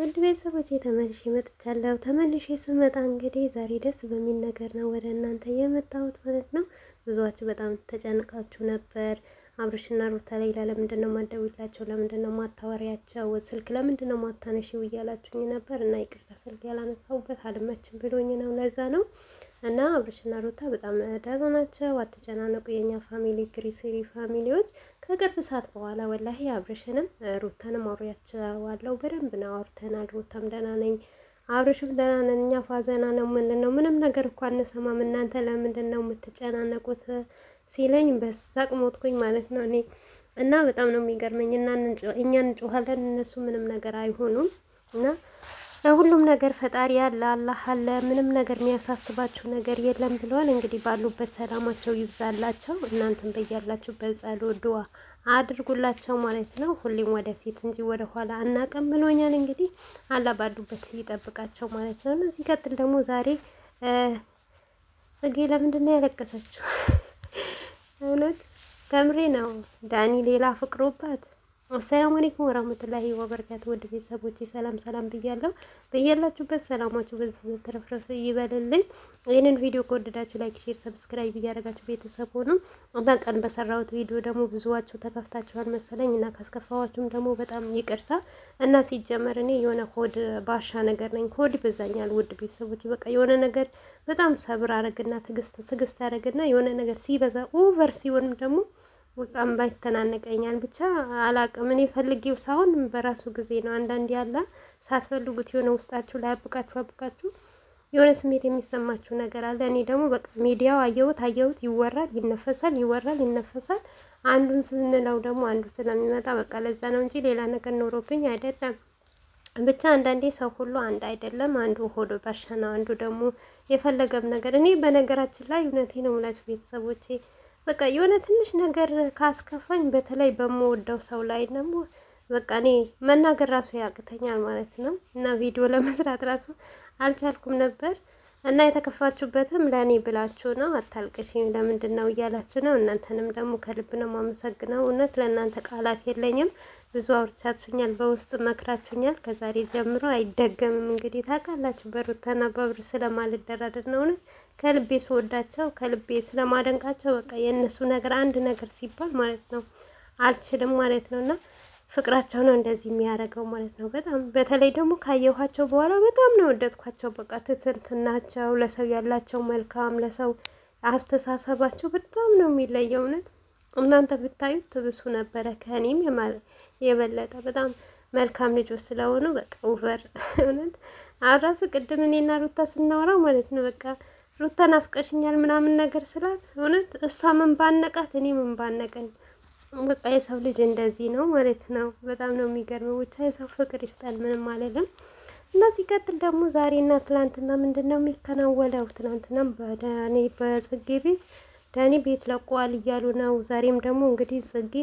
ውድ ቤተሰቦች ተመልሼ መጥቻለሁ። ተመልሼ ስመጣ እንግዲህ ዛሬ ደስ በሚል ነገር ነው ወደ እናንተ የመጣሁት ማለት ነው። ብዙዎች በጣም ተጨንቃችሁ ነበር። አብርሽና ሩታ ላይ ለምንድን ነው ማደውላቸው? ለምንድን ነው ማታወሪያቸው? ስልክ ለምንድን ነው ማታነሺው? እያላችሁኝ ነበር እና ይቅርታ ስልክ ያላነሳውበት አልመችም ብሎኝ ነው። ለዛ ነው እና አብርሽና ሩታ በጣም ደህና ናቸው። አትጨናነቁ የኛ ፋሚሊ ግሪሴሪ ፋሚሊዎች። ከቅርብ ሰዓት በኋላ ወላሂ አብርሽንም ሩታንም አውሪያቸዋለሁ። በደንብ ነው አውርተናል። ሩታም ደህና ነኝ፣ አብርሽም ደህና ነን፣ እኛ ፋዘና ነው። ምንድን ነው ምንም ነገር እኮ አንሰማም፣ እናንተ ለምንድን ነው የምትጨናነቁት ሲለኝ በሳቅ ሞትኩኝ ማለት ነው እኔ እና በጣም ነው የሚገርመኝ። እና እኛ እንጮኋለን፣ እነሱ ምንም ነገር አይሆኑም እና ሁሉም ነገር ፈጣሪ ያለ አላህ አለ። ምንም ነገር የሚያሳስባቸው ነገር የለም ብለዋል። እንግዲህ ባሉበት ሰላማቸው ይብዛላቸው። እናንተም በያላችሁ በጸሎት ድዋ አድርጉላቸው ማለት ነው። ሁሌም ወደፊት እንጂ ወደኋላ ኋላ ብሎኛል። እንግዲህ አላህ ባሉበት ይጠብቃቸው ማለት ነው። እና ሲቀጥል ደግሞ ዛሬ ጽጌ ለምንድን ነው ያለቀሰችው? እውነት ከምሬ ነው። ዳኒ ሌላ ፍቅሮባት አሰላሙ አለይኩም ወራህመቱላሂ ወበረካቱ ውድ ቤተሰቦች ሰላም ሰላም ብያለሁ። በያላችሁበት ሰላማችሁ በዚህ ተረፍረፍ ይበልልኝ። ይህንን ቪዲዮ ከወደዳችሁ ላይክ፣ ሼር፣ ሰብስክራይብ እያደረጋችሁ ቤተሰብ ሆኑ እና ቀን በሰራሁት ቪዲዮ ደግሞ ብዙዋችሁ ተከፍታችኋል መሰለኝ እና ካስከፋዋችሁም ደግሞ በጣም ይቅርታ እና ሲጀመር እኔ የሆነ ሆድ ባሻ ነገር ነኝ። ሆድ ይበዛኛል ውድ ቤተሰቦቼ። በቃ የሆነ ነገር በጣም ሰብር አረግና ትግስት ትግስት አረግና የሆነ ነገር ሲበዛ ኦቨር ሲሆንም ደግሞ በቃም ባይተናነቀኛል ብቻ አላቅም። እኔ ፈልጌው ሳይሆን በራሱ ጊዜ ነው። አንዳንድ ያለ ሳትፈልጉት የሆነ ውስጣችሁ ላይ አብቃችሁ አብቃችሁ የሆነ ስሜት የሚሰማችሁ ነገር አለ። እኔ ደግሞ በቃ ሚዲያው አየሁት አየሁት ይወራል፣ ይነፈሳል፣ ይወራል፣ ይነፈሳል። አንዱን ስንለው ደግሞ አንዱ ስለሚመጣ በቃ ለዛ ነው እንጂ ሌላ ነገር ኖሮብኝ አይደለም። ብቻ አንዳንዴ ሰው ሁሉ አንድ አይደለም። አንዱ ሆዶ ባሻ ነው፣ አንዱ ደግሞ የፈለገም ነገር። እኔ በነገራችን ላይ እውነቴ ነው ሙላችሁ ቤተሰቦቼ በቃ የሆነ ትንሽ ነገር ካስከፋኝ በተለይ በምወደው ሰው ላይ ደግሞ በቃ እኔ መናገር ራሱ ያቅተኛል ማለት ነው። እና ቪዲዮ ለመስራት ራሱ አልቻልኩም ነበር። እና የተከፋችሁበትም ለእኔ ብላችሁ ነው። አታልቅሽኝ ለምንድን ነው እያላችሁ ነው። እናንተንም ደግሞ ከልብ ነው ማመሰግነው። እውነት ለእናንተ ቃላት የለኝም። ብዙ አውርቻችሁኛል፣ በውስጥ መክራችሁኛል። ከዛሬ ጀምሮ አይደገምም። እንግዲህ ታውቃላችሁ፣ በሩታና በብር ስለማልደራደር ነው። እውነት ከልቤ ስወዳቸው፣ ከልቤ ስለማደንቃቸው በቃ የእነሱ ነገር አንድ ነገር ሲባል ማለት ነው አልችልም ማለት ነው እና ፍቅራቸው ነው እንደዚህ የሚያደርገው ማለት ነው። በጣም በተለይ ደግሞ ካየኋቸው በኋላ በጣም ነው ወደድኳቸው። በቃ ትትንትናቸው፣ ለሰው ያላቸው መልካም፣ ለሰው አስተሳሰባቸው በጣም ነው የሚለየው። እውነት እናንተ ብታዩት ትብሱ ነበረ ከእኔም የበለጠ በጣም መልካም ልጆች ስለሆኑ በቃ ውበር እውነት አራስ ቅድም እኔና ሩታ ስናወራ ማለት ነው በቃ ሩታ ናፍቀሽኛል ምናምን ነገር ስላት እውነት እሷ ምን ባነቃት እኔ ምን ባነቀኝ በቃ የሰው ልጅ እንደዚህ ነው ማለት ነው። በጣም ነው የሚገርመው። ብቻ የሰው ፍቅር ይስጠን፣ ምንም አልልም። እና ሲቀጥል ደግሞ ዛሬና ትናንትና ምንድን ነው የሚከናወለው? ትላንትና በዳኒ በጽጌ ቤት ዳኒ ቤት ለቋል እያሉ ነው። ዛሬም ደግሞ እንግዲህ ጽጌ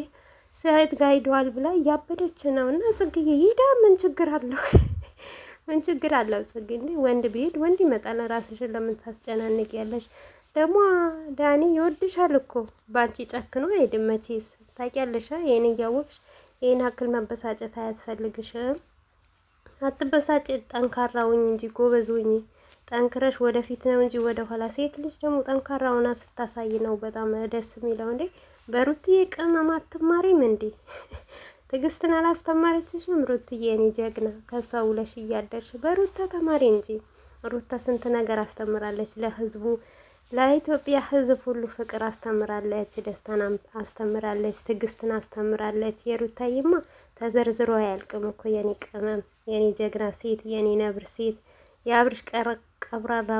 ሰዓት ጋይደዋል ብላ እያበደች ነው። እና ጽጌ ይሄዳ ምን ችግር አለው? ምን ችግር አለው ጽጌ? እንዲህ ወንድ ቢሄድ ወንድ ይመጣል። ራስሽን ለምን ታስጨናንቅ ያለሽ? ደግሞ ዳኒ ይወድሻል እኮ በአንቺ ጨክኖ አይሄድም። መቼስ ታውቂያለሽ። ይህን እያወቅሽ ይህን አክል መበሳጨት አያስፈልግሽም። አትበሳጭ፣ ጠንካራ ሁኝ እንጂ ጎበዝ ሁኝ። ጠንክረሽ ወደፊት ነው እንጂ ወደኋላ። ሴት ልጅ ደግሞ ጠንካራ ሆና ስታሳይ ነው በጣም ደስ የሚለው። እንዴ በሩትዬ ቅመም አትማሪም እንዴ? ትዕግስትን አላስተማረችሽም? ሩትዬ የኔ ጀግና ከሷ ውለሽ እያደርሽ በሩታ ተማሪ እንጂ ሩታ ስንት ነገር አስተምራለች ለህዝቡ ለኢትዮጵያ ሕዝብ ሁሉ ፍቅር አስተምራለች፣ ደስታን አስተምራለች፣ ትዕግስትን አስተምራለች። የሩታይማ ተዘርዝሮ አያልቅም እኮ የኔ ቅመም፣ የኔ ጀግና ሴት፣ የኔ ነብር ሴት፣ የአብርሽ ቀብራራ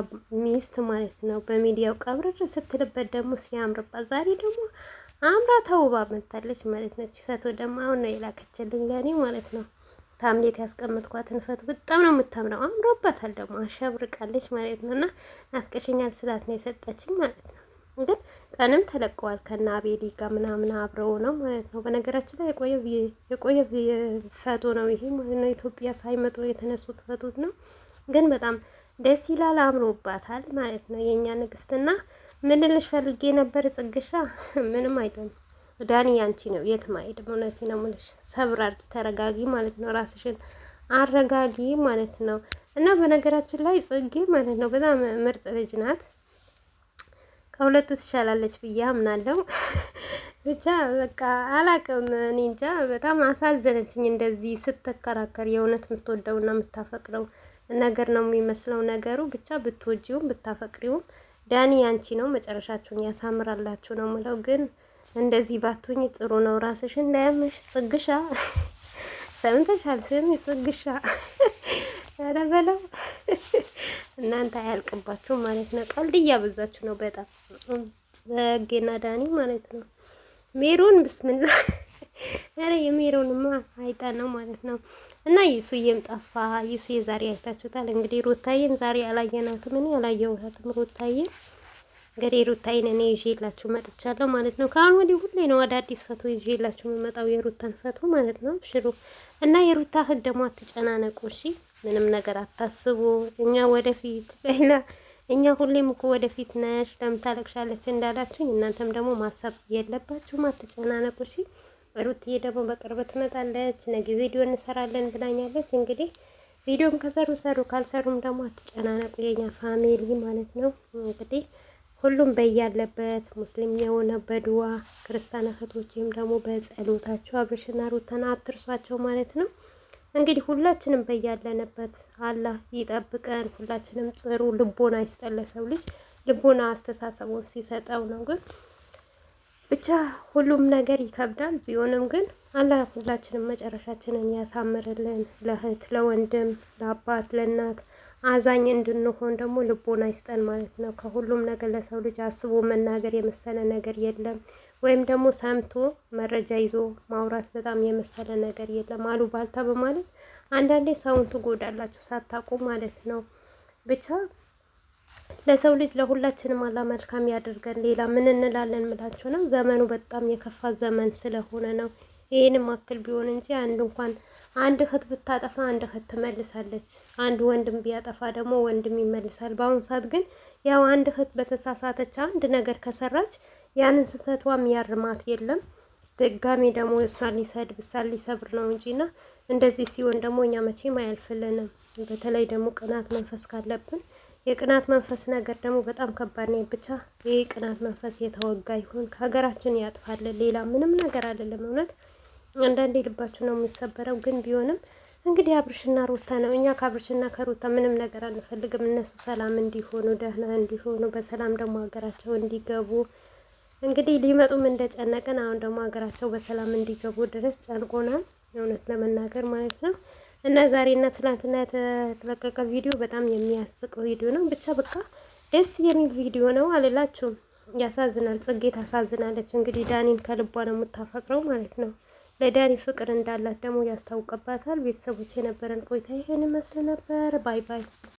ሚስት ማለት ነው። በሚዲያው ቀብረር ስትልበት ደግሞ ሲያምርባት፣ ዛሬ ደግሞ አምራ ተውባ መታለች ማለት ነው። ፈቶ ደግሞ አሁን ነው የላከችልኝ ለእኔ ማለት ነው። ታምሌት ያስቀምጥኳትን ፎቶ በጣም ነው የምታምረው። አምሮባታል ደግሞ አሸብርቃለች ማለት ነው። እና አፍቅሽኛል ስላት ነው የሰጠችኝ ማለት ነው። ግን ቀንም ተለቀዋል ከና አቤሊ ጋር ምናምን አብረው ነው ማለት ነው። በነገራችን ላይ የቆየ ፎቶ ነው ይሄ ማለት ነው። ኢትዮጵያ ሳይመጡ የተነሱት ፎቶት ነው። ግን በጣም ደስ ይላል፣ አምሮባታል ማለት ነው። የእኛ ንግስትና ምንልሽ ፈልጌ ነበር ጽግሻ ምንም አይደለም። ዳኒ ያንቺ ነው የትም አይሄድም። ነው የምልሽ። ሰብር አድርጊ፣ ተረጋጊ ማለት ነው። ራስሽን አረጋጊ ማለት ነው። እና በነገራችን ላይ ጽጌ ማለት ነው በጣም ምርጥ ልጅ ናት። ከሁለቱ ትሻላለች ብዬ አምናለሁ። ብቻ በቃ አላቅም፣ እኔ እንጃ። በጣም አሳዘነችኝ። እንደዚህ ስትከራከር የእውነት የምትወደውና የምታፈቅረው ነገር ነው የሚመስለው ነገሩ። ብቻ ብትወጂውም ብታፈቅሪውም ዳኒ ያንቺ ነው፣ መጨረሻችሁን ያሳምራላችሁ ነው ምለው ግን እንደዚህ ባትሆኝ ጥሩ ነው። ራስሽ እንዳያመሽ ጽግሻ ሰምተሻል? ስሚ ጽግሻ ኧረ በለው እናንተ አያልቅባችሁ ማለት ነው። ቀልድ እያበዛችሁ ነው በጣም ጌና ዳኒ ማለት ነው። ሜሮን ብስምላ ኧረ የሜሮንማ አይጣ ነው ማለት ነው። እና ይሱዬም ጠፋ። ይሱዬ ዛሬ አይታችሁታል እንግዲህ። ሩታዬን ዛሬ አላየናትም፣ እኔ አላየሁትም ሩታዬን እንግዲህ ሩታዬን እኔ ይዤላችሁ መጥቻለሁ ማለት ነው። ከአሁን ወዲህ ሁሌ ነው አዳዲስ ፈቶ ይዤላችሁ የምመጣው የሩታን ፈቶ ማለት ነው። ሽሩ እና የሩታ እህት ደግሞ አትጨናነቁ እሺ፣ ምንም ነገር አታስቡ። እኛ ወደፊት ሌላ እኛ ሁሌም እኮ ወደፊት ነሽ ለምታለቅሻለች እንዳላችሁኝ እናንተም ደግሞ ማሰብ የለባችሁም። አትጨናነቁ እሺ። ሩትዬ ደግሞ በቅርብ ትመጣለች። ነገ ቪዲዮ እንሰራለን ብላኛለች። እንግዲህ ቪዲዮም ከሰሩ ሰሩ፣ ካልሰሩም ደግሞ አትጨናነቁ የኛ ፋሚሊ ማለት ነው እንግዲህ ሁሉም በያለበት ሙስሊም የሆነ በድዋ ክርስቲያን ወይም ደግሞ በጸሎታቸው አብርሽና ሩታን አትርሷቸው ማለት ነው። እንግዲህ ሁላችንም በያለንበት አላህ ይጠብቀን። ሁላችንም ጥሩ ልቦና ይስጠን። ለሰው ልጅ ልቦና አስተሳሰቡን ሲሰጠው ነው። ግን ብቻ ሁሉም ነገር ይከብዳል። ቢሆንም ግን አላህ ሁላችንም መጨረሻችንን ያሳምርልን። ለእህት፣ ለወንድም፣ ለአባት፣ ለእናት አዛኝ እንድንሆን ደግሞ ልቦና ይስጠን ማለት ነው። ከሁሉም ነገር ለሰው ልጅ አስቦ መናገር የመሰለ ነገር የለም። ወይም ደግሞ ሰምቶ መረጃ ይዞ ማውራት በጣም የመሰለ ነገር የለም። አሉ ባልታ በማለት አንዳንዴ ሰውን ትጎዳላችሁ ሳታውቁ ማለት ነው። ብቻ ለሰው ልጅ ለሁላችንም አላ መልካም ያደርገን። ሌላ ምን እንላለን ምላችሁ ነው። ዘመኑ በጣም የከፋ ዘመን ስለሆነ ነው ይህንም አክል ቢሆን እንጂ አንድ እንኳን አንድ እህት ብታጠፋ አንድ እህት ትመልሳለች። አንድ ወንድም ቢያጠፋ ደግሞ ወንድም ይመልሳል። በአሁኑ ሰዓት ግን ያው አንድ እህት በተሳሳተች አንድ ነገር ከሰራች ያንን ስህተቷም ያርማት የለም ድጋሜ ደግሞ እሷን ሊሰድብ እሷን ሊሰብር ነው እንጂና እንደዚህ ሲሆን ደግሞ እኛ መቼም አያልፍልንም። በተለይ ደግሞ ቅናት መንፈስ ካለብን የቅናት መንፈስ ነገር ደግሞ በጣም ከባድ ነው። ብቻ ይህ ቅናት መንፈስ የተወጋ ይሁን ከሀገራችን ያጥፋልን። ሌላ ምንም ነገር አይደለም እውነት አንዳንዴ ልባችሁ ነው የሚሰበረው። ግን ቢሆንም እንግዲህ አብርሽና ሩታ ነው። እኛ ከአብርሽና ከሩታ ምንም ነገር አንፈልግም። እነሱ ሰላም እንዲሆኑ፣ ደህና እንዲሆኑ፣ በሰላም ደግሞ ሀገራቸው እንዲገቡ እንግዲህ ሊመጡም እንደጨነቀን አሁን ደግሞ ሀገራቸው በሰላም እንዲገቡ ድረስ ጨንቆናል፣ እውነት ለመናገር ማለት ነው። እና ዛሬና ትናንትና የተለቀቀ ቪዲዮ በጣም የሚያስቅ ቪዲዮ ነው። ብቻ በቃ ደስ የሚል ቪዲዮ ነው አልላችሁም። ያሳዝናል። ጽጌ ታሳዝናለች። እንግዲህ ዳኒን ከልቧ ነው የምታፈቅረው ማለት ነው። ለዳኒ ፍቅር እንዳላት ደግሞ ያስታውቅባታል። ቤተሰቦች የነበረን ቆይታ ይሄን ይመስል ነበር። ባይ ባይ